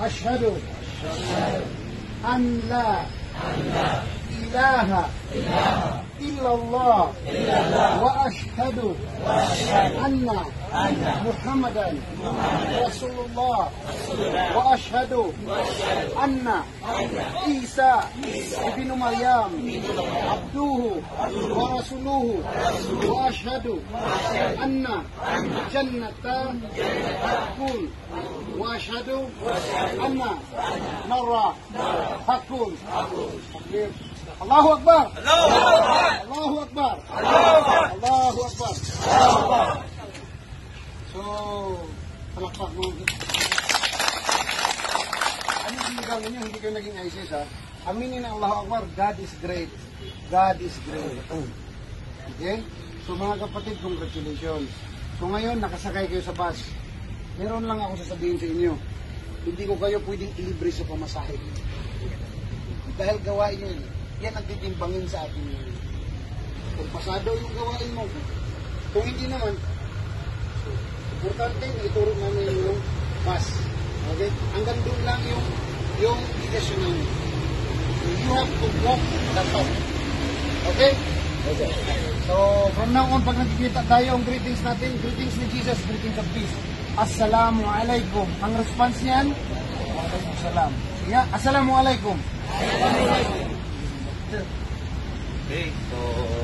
أشهد أن لا إله إلا الله وأشهد أن محمدا رسول الله وأشهد أن عيسى ابن مريم عبده ورسوله وأشهد أن جنة حق وأشهد أن نار حق الله أكبر الله أكبر Wow! Palakpak mo. Ano sinigaw ninyo? Hindi kayo naging ISIS ha? Aminin na Allah Akbar, God is great. God is great. Okay? So mga kapatid, congratulations. So ngayon, nakasakay kayo sa bus. Meron lang ako sasabihin sa inyo. Hindi ko kayo pwedeng ilibre sa pamasahe. Dahil gawain nyo, yan ang titimbangin sa atin. Kung pasado yung gawain mo, kung hindi naman, Importante, ituro namin yung bus. Okay? Hanggang doon lang yung yung decision namin. You have to walk the talk. Okay? Okay. So, from now on, pag nagkikita tayo, ang greetings natin, greetings ni Jesus, greetings of peace. Assalamu alaikum. Ang response niyan, alaikum salam. Yeah, assalamu alaikum. Alaikum. Okay, so